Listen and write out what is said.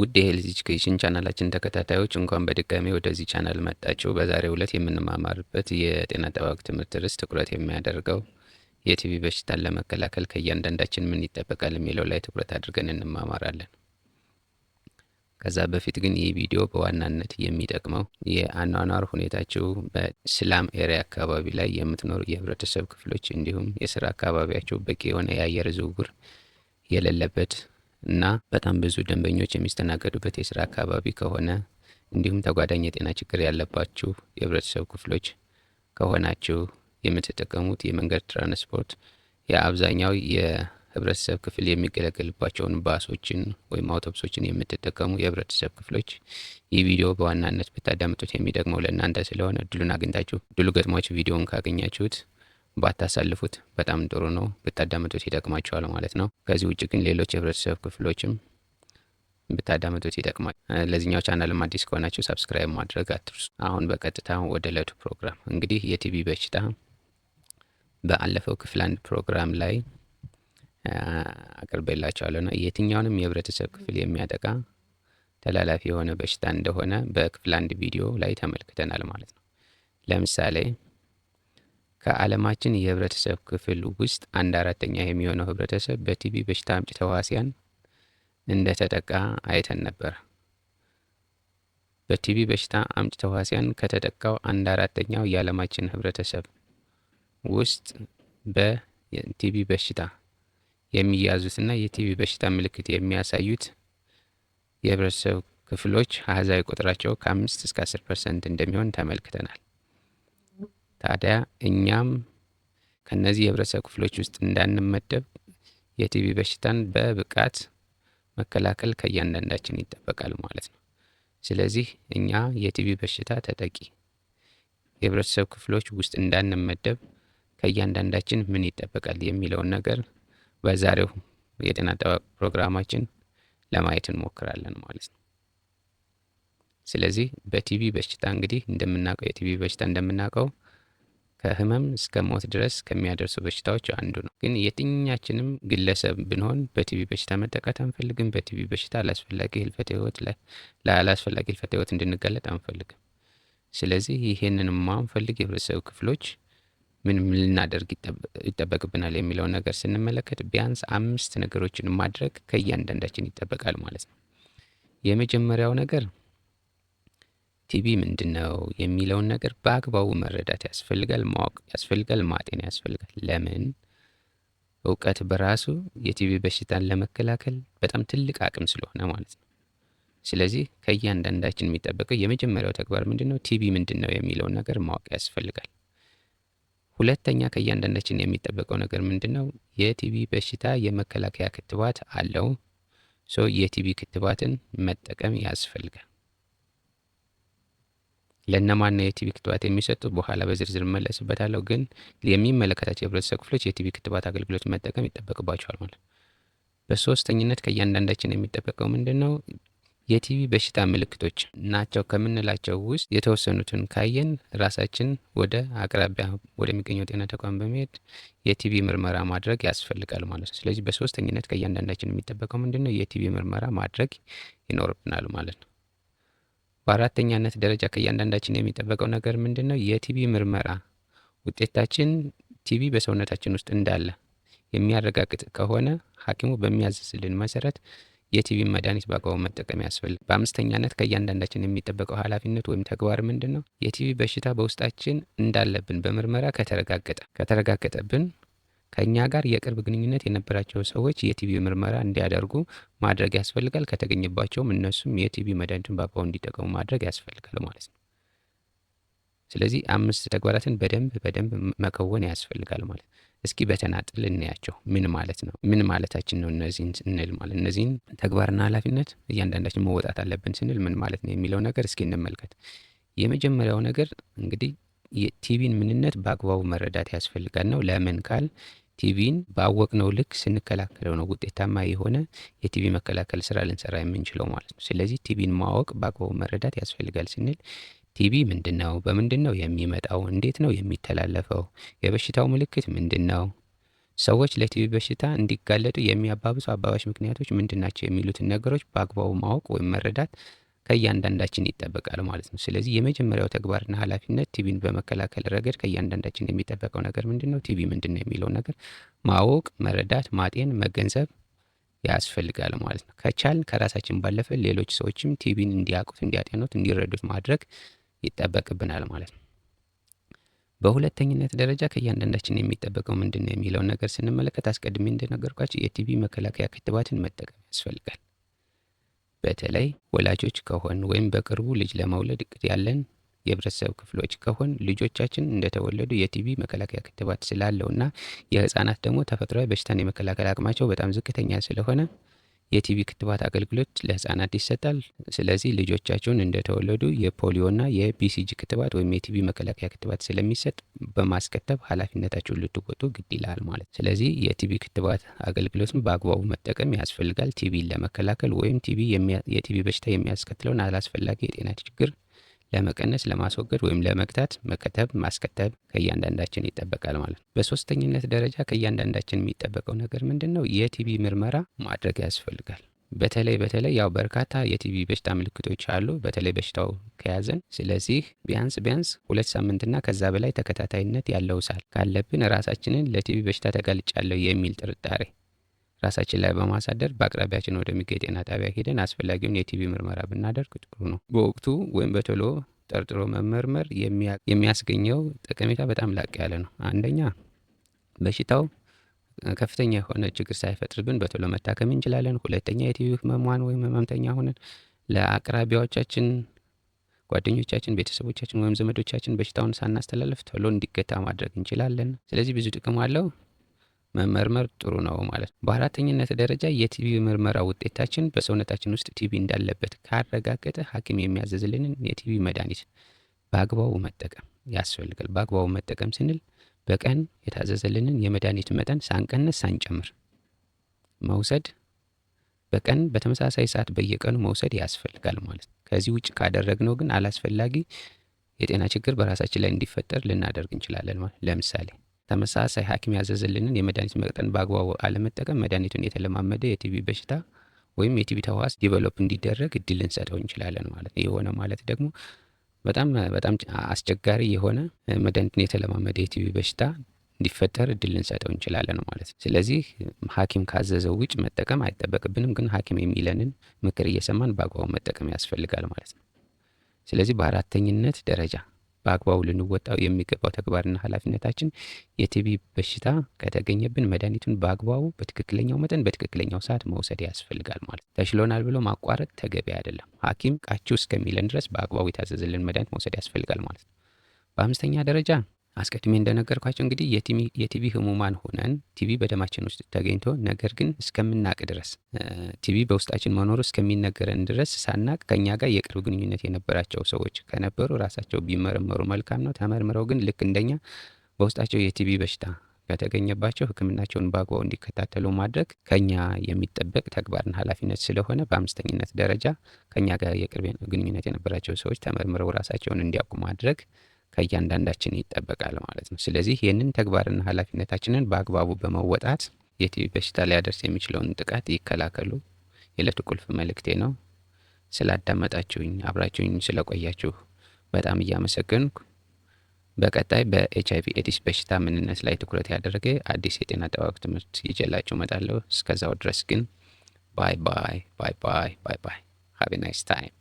ውድ የሄልዝ ኤጁኬሽን ቻናላችን ተከታታዮች እንኳን በድጋሚ ወደዚህ ቻናል መጣችሁ። በዛሬው ዕለት የምንማማርበት የጤና ጠባቅ ትምህርት ርዕስ ትኩረት የሚያደርገው የቲቢ በሽታን ለመከላከል ከእያንዳንዳችን ምን ይጠበቃል የሚለው ላይ ትኩረት አድርገን እንማማራለን። ከዛ በፊት ግን ይህ ቪዲዮ በዋናነት የሚጠቅመው የአኗኗር ሁኔታችሁ በስላም ኤሪያ አካባቢ ላይ የምትኖሩ የህብረተሰብ ክፍሎች እንዲሁም የስራ አካባቢያችሁ በቂ የሆነ የአየር ዝውውር የሌለበት እና በጣም ብዙ ደንበኞች የሚስተናገዱበት የስራ አካባቢ ከሆነ እንዲሁም ተጓዳኝ የጤና ችግር ያለባችሁ የህብረተሰብ ክፍሎች ከሆናችሁ የምትጠቀሙት የመንገድ ትራንስፖርት የአብዛኛው የህብረተሰብ ክፍል የሚገለገልባቸውን ባሶችን ወይም አውቶቡሶችን የምትጠቀሙ የህብረተሰብ ክፍሎች ይህ ቪዲዮ በዋናነት ብታዳምጡት የሚጠቅመው ለእናንተ ስለሆነ እድሉን አግኝታችሁ እድሉ ገጥሟችሁ ቪዲዮውን ካገኛችሁት ባታሳልፉት በጣም ጥሩ ነው። ብታዳምጡት ይጠቅማቸዋል ማለት ነው። ከዚህ ውጭ ግን ሌሎች የህብረተሰብ ክፍሎችም ብታዳምጡት ይጠቅማል። ለዚህኛው ቻናልም አዲስ ከሆናችሁ ሳብስክራይብ ማድረግ አትርሱ። አሁን በቀጥታ ወደ ዕለቱ ፕሮግራም እንግዲህ የቲቢ በሽታ በአለፈው ክፍል አንድ ፕሮግራም ላይ አቅርቤላቸዋለሁና የትኛውንም የህብረተሰብ ክፍል የሚያጠቃ ተላላፊ የሆነ በሽታ እንደሆነ በክፍል አንድ ቪዲዮ ላይ ተመልክተናል ማለት ነው። ለምሳሌ ከዓለማችን የህብረተሰብ ክፍል ውስጥ አንድ አራተኛ የሚሆነው ህብረተሰብ በቲቢ በሽታ አምጪ ተዋሲያን እንደተጠቃ አይተን ነበር። በቲቢ በሽታ አምጪ ተዋሲያን ከተጠቃው አንድ አራተኛው የዓለማችን ህብረተሰብ ውስጥ በቲቢ በሽታ የሚያዙትና የቲቢ በሽታ ምልክት የሚያሳዩት የህብረተሰብ ክፍሎች አሃዛዊ ቁጥራቸው ከአምስት እስከ አስር ፐርሰንት እንደሚሆን ተመልክተናል። ታዲያ እኛም ከነዚህ የህብረተሰብ ክፍሎች ውስጥ እንዳንመደብ የቲቪ በሽታን በብቃት መከላከል ከእያንዳንዳችን ይጠበቃል ማለት ነው። ስለዚህ እኛ የቲቪ በሽታ ተጠቂ የህብረተሰብ ክፍሎች ውስጥ እንዳንመደብ ከእያንዳንዳችን ምን ይጠበቃል የሚለውን ነገር በዛሬው የጤና ጥበቃ ፕሮግራማችን ለማየት እንሞክራለን ማለት ነው። ስለዚህ በቲቪ በሽታ እንግዲህ እንደምናውቀው በሽታ እንደምናውቀው ከህመም እስከ ሞት ድረስ ከሚያደርሱ በሽታዎች አንዱ ነው። ግን የትኛችንም ግለሰብ ብንሆን በቲቪ በሽታ መጠቃት አንፈልግም። በቲቪ በሽታ አላስፈላጊ ህልፈተ ህይወት ለአላስፈላጊ ህልፈተ ህይወት እንድንጋለጥ አንፈልግም። ስለዚህ ይህንን ማንፈልግ የህብረተሰብ ክፍሎች ምን ልናደርግ ይጠበቅብናል የሚለው ነገር ስንመለከት ቢያንስ አምስት ነገሮችን ማድረግ ከእያንዳንዳችን ይጠበቃል ማለት ነው። የመጀመሪያው ነገር ቲቢ ምንድን ነው የሚለውን ነገር በአግባቡ መረዳት ያስፈልጋል፣ ማወቅ ያስፈልጋል፣ ማጤን ያስፈልጋል። ለምን እውቀት በራሱ የቲቢ በሽታን ለመከላከል በጣም ትልቅ አቅም ስለሆነ ማለት ነው። ስለዚህ ከእያንዳንዳችን የሚጠበቀው የመጀመሪያው ተግባር ምንድን ነው? ቲቢ ምንድን ነው የሚለውን ነገር ማወቅ ያስፈልጋል። ሁለተኛ ከእያንዳንዳችን የሚጠበቀው ነገር ምንድን ነው? የቲቢ በሽታ የመከላከያ ክትባት አለው። ሶ የቲቢ ክትባትን መጠቀም ያስፈልጋል። ለእነማን ነው የቲቢ ክትባት የሚሰጡት? በኋላ በዝርዝር መለስበታለሁ። ግን የሚመለከታቸው የህብረተሰብ ክፍሎች የቲቪ ክትባት አገልግሎት መጠቀም ይጠበቅባቸዋል ማለት። በሶስተኝነት ከእያንዳንዳችን የሚጠበቀው ምንድን ነው? የቲቪ በሽታ ምልክቶች ናቸው ከምንላቸው ውስጥ የተወሰኑትን ካየን ራሳችን ወደ አቅራቢያ ወደሚገኘው ጤና ተቋም በመሄድ የቲቪ ምርመራ ማድረግ ያስፈልጋል ማለት ነው። ስለዚህ በሶስተኝነት ከእያንዳንዳችን የሚጠበቀው ምንድን ነው? ምርመራ ማድረግ ይኖርብናል ማለት ነው። በአራተኛነት ደረጃ ከእያንዳንዳችን የሚጠበቀው ነገር ምንድን ነው? የቲቢ ምርመራ ውጤታችን ቲቢ በሰውነታችን ውስጥ እንዳለ የሚያረጋግጥ ከሆነ ሐኪሙ በሚያዝስልን መሰረት የቲቢ መድኃኒት በአግባቡ መጠቀም ያስፈልግ። በአምስተኛነት ከእያንዳንዳችን የሚጠበቀው ኃላፊነት ወይም ተግባር ምንድን ነው? የቲቢ በሽታ በውስጣችን እንዳለብን በምርመራ ከተረጋገጠ ከተረጋገጠብን ከእኛ ጋር የቅርብ ግንኙነት የነበራቸው ሰዎች የቲቪ ምርመራ እንዲያደርጉ ማድረግ ያስፈልጋል። ከተገኘባቸውም እነሱም የቲቪ መድኃኒቱን በአግባቡ እንዲጠቀሙ ማድረግ ያስፈልጋል ማለት ነው። ስለዚህ አምስት ተግባራትን በደንብ በደንብ መከወን ያስፈልጋል ማለት ነው። እስኪ በተናጥል እንያቸው። ምን ማለት ነው? ምን ማለታችን ነው? እነዚህን ስንል ማለት እነዚህን ተግባርና ኃላፊነት እያንዳንዳችን መወጣት አለብን ስንል ምን ማለት ነው የሚለው ነገር እስኪ እንመልከት። የመጀመሪያው ነገር እንግዲህ የቲቪን ምንነት በአግባቡ መረዳት ያስፈልጋል ነው። ለምን ካል ቲቪን ነው ልክ ስንከላከለው ነው ውጤታማ የሆነ የቲቪ መከላከል ስራ ልንሰራ የምንችለው ማለት ነው። ስለዚህ ቲቪን ማወቅ በአግባቡ መረዳት ያስፈልጋል ስንል ቲቪ ምንድን ነው? በምንድን ነው የሚመጣው? እንዴት ነው የሚተላለፈው? የበሽታው ምልክት ምንድን ነው? ሰዎች ለቲቪ በሽታ እንዲጋለጡ የሚያባብሱ አባባሽ ምክንያቶች ምንድን ናቸው? የሚሉትን ነገሮች በአግባቡ ማወቅ ወይም መረዳት ከእያንዳንዳችን ይጠበቃል ማለት ነው። ስለዚህ የመጀመሪያው ተግባርና ኃላፊነት ቲቢን በመከላከል ረገድ ከእያንዳንዳችን የሚጠበቀው ነገር ምንድነው ነው? ቲቢ ምንድን የሚለውን ነገር ማወቅ፣ መረዳት፣ ማጤን፣ መገንዘብ ያስፈልጋል ማለት ነው። ከቻልን ከራሳችን ባለፈ ሌሎች ሰዎችም ቲቢን እንዲያውቁት፣ እንዲያጤኑት፣ እንዲረዱት ማድረግ ይጠበቅብናል ማለት ነው። በሁለተኝነት ደረጃ ከእያንዳንዳችን የሚጠበቀው ምንድን ነው የሚለውን ነገር ስንመለከት አስቀድሜ እንደነገርኳቸው የቲቢ መከላከያ ክትባትን መጠቀም ያስፈልጋል። በተለይ ወላጆች ከሆን ወይም በቅርቡ ልጅ ለመውለድ እቅድ ያለን የህብረተሰብ ክፍሎች ከሆን ልጆቻችን እንደተወለዱ የቲቪ መከላከያ ክትባት ስላለው እና የህፃናት ደግሞ ተፈጥሯዊ በሽታን የመከላከል አቅማቸው በጣም ዝቅተኛ ስለሆነ የቲቪ ክትባት አገልግሎት ለህፃናት ይሰጣል። ስለዚህ ልጆቻቸውን እንደተወለዱ የፖሊዮና የቢሲጂ ክትባት ወይም የቲቪ መከላከያ ክትባት ስለሚሰጥ በማስከተብ ኃላፊነታቸውን ልትወጡ ግድ ይላል ማለት። ስለዚህ የቲቪ ክትባት አገልግሎትን በአግባቡ መጠቀም ያስፈልጋል። ቲቪ ለመከላከል ወይም የቲቪ በሽታ የሚያስከትለውን አላስፈላጊ የጤና ችግር ለመቀነስ፣ ለማስወገድ ወይም ለመግታት መከተብ፣ ማስከተብ ከእያንዳንዳችን ይጠበቃል ማለት ነው። በሶስተኝነት ደረጃ ከእያንዳንዳችን የሚጠበቀው ነገር ምንድን ነው? የቲቢ ምርመራ ማድረግ ያስፈልጋል። በተለይ በተለይ ያው በርካታ የቲቢ በሽታ ምልክቶች አሉ፣ በተለይ በሽታው ከያዘን። ስለዚህ ቢያንስ ቢያንስ ሁለት ሳምንትና ከዛ በላይ ተከታታይነት ያለው ሳል ካለብን ራሳችንን ለቲቢ በሽታ ተጋልጫለሁ የሚል ጥርጣሬ ራሳችን ላይ በማሳደር በአቅራቢያችን ወደሚገኝ ጤና ጣቢያ ሄደን አስፈላጊውን የቲቪ ምርመራ ብናደርግ ጥሩ ነው። በወቅቱ ወይም በቶሎ ጠርጥሮ መመርመር የሚያስገኘው ጠቀሜታ በጣም ላቅ ያለ ነው። አንደኛ በሽታው ከፍተኛ የሆነ ችግር ሳይፈጥርብን በቶሎ መታከም እንችላለን። ሁለተኛ የቲቪ ህመሟን ወይም ህመምተኛ ሆነን ለአቅራቢያዎቻችን ጓደኞቻችን፣ ቤተሰቦቻችን ወይም ዘመዶቻችን በሽታውን ሳናስተላለፍ ቶሎ እንዲገታ ማድረግ እንችላለን። ስለዚህ ብዙ ጥቅም አለው። መመርመር ጥሩ ነው ማለት ነው። በአራተኝነት ደረጃ የቲቢ ምርመራ ውጤታችን በሰውነታችን ውስጥ ቲቢ እንዳለበት ካረጋገጠ ሐኪም የሚያዘዝልንን የቲቢ መድኃኒት በአግባቡ መጠቀም ያስፈልጋል። በአግባቡ መጠቀም ስንል በቀን የታዘዘልንን የመድኃኒት መጠን ሳንቀነስ ሳንጨምር መውሰድ በቀን በተመሳሳይ ሰዓት በየቀኑ መውሰድ ያስፈልጋል ማለት ነው። ከዚህ ውጭ ካደረግነው ግን አላስፈላጊ የጤና ችግር በራሳችን ላይ እንዲፈጠር ልናደርግ እንችላለን ማለት ለምሳሌ ተመሳሳይ ሐኪም ያዘዘልንን የመድኃኒት መጠን በአግባቡ አለመጠቀም መድኃኒቱን የተለማመደ የቲቢ በሽታ ወይም የቲቢ ተዋስ ዲቨሎፕ እንዲደረግ እድል ልንሰጠው እንችላለን ማለት ነው። የሆነ ማለት ደግሞ በጣም በጣም አስቸጋሪ የሆነ መድኃኒቱን የተለማመደ የቲቢ በሽታ እንዲፈጠር እድል ልንሰጠው እንችላለን ማለት ነው። ስለዚህ ሐኪም ካዘዘው ውጭ መጠቀም አይጠበቅብንም፣ ግን ሐኪም የሚለንን ምክር እየሰማን በአግባቡ መጠቀም ያስፈልጋል ማለት ነው። ስለዚህ በአራተኝነት ደረጃ በአግባቡ ልንወጣው የሚገባው ተግባርና ኃላፊነታችን የቲቢ በሽታ ከተገኘብን መድኃኒቱን በአግባቡ በትክክለኛው መጠን በትክክለኛው ሰዓት መውሰድ ያስፈልጋል። ማለት ተሽሎናል ብሎ ማቋረጥ ተገቢ አይደለም። ሐኪም ቃችሁ እስከሚለን ድረስ በአግባቡ የታዘዘልን መድኃኒት መውሰድ ያስፈልጋል ማለት ነው። በአምስተኛ ደረጃ አስቀድሜ እንደነገርኳቸው እንግዲህ የቲቢ ህሙማን ሆነን ቲቢ በደማችን ውስጥ ተገኝቶ ነገር ግን እስከምናቅ ድረስ ቲቢ በውስጣችን መኖሩ እስከሚነገረን ድረስ ሳናቅ ከኛ ጋር የቅርብ ግንኙነት የነበራቸው ሰዎች ከነበሩ ራሳቸው ቢመረመሩ መልካም ነው። ተመርምረው ግን ልክ እንደኛ በውስጣቸው የቲቢ በሽታ ከተገኘባቸው ህክምናቸውን በአግባቡ እንዲከታተሉ ማድረግ ከኛ የሚጠበቅ ተግባርና ኃላፊነት ስለሆነ በአምስተኝነት ደረጃ ከኛ ጋር የቅርብ ግንኙነት የነበራቸው ሰዎች ተመርምረው ራሳቸውን እንዲያውቁ ማድረግ ከእያንዳንዳችን ይጠበቃል ማለት ነው። ስለዚህ ይህንን ተግባርና ኃላፊነታችንን በአግባቡ በመወጣት የቲቪ በሽታ ሊያደርስ የሚችለውን ጥቃት ይከላከሉ። የዕለቱ ቁልፍ መልእክቴ ነው። ስላዳመጣችሁኝ፣ አብራችሁኝ ስለቆያችሁ በጣም እያመሰገንኩ በቀጣይ በኤች አይቪ ኤዲስ በሽታ ምንነት ላይ ትኩረት ያደረገ አዲስ የጤና ጠባቅ ትምህርት ይዤላችሁ እመጣለሁ። እስከዛው ድረስ ግን ባይ ባይ ባይ ባይ ባይ ባይ። ሃቭ ናይስ ታይም።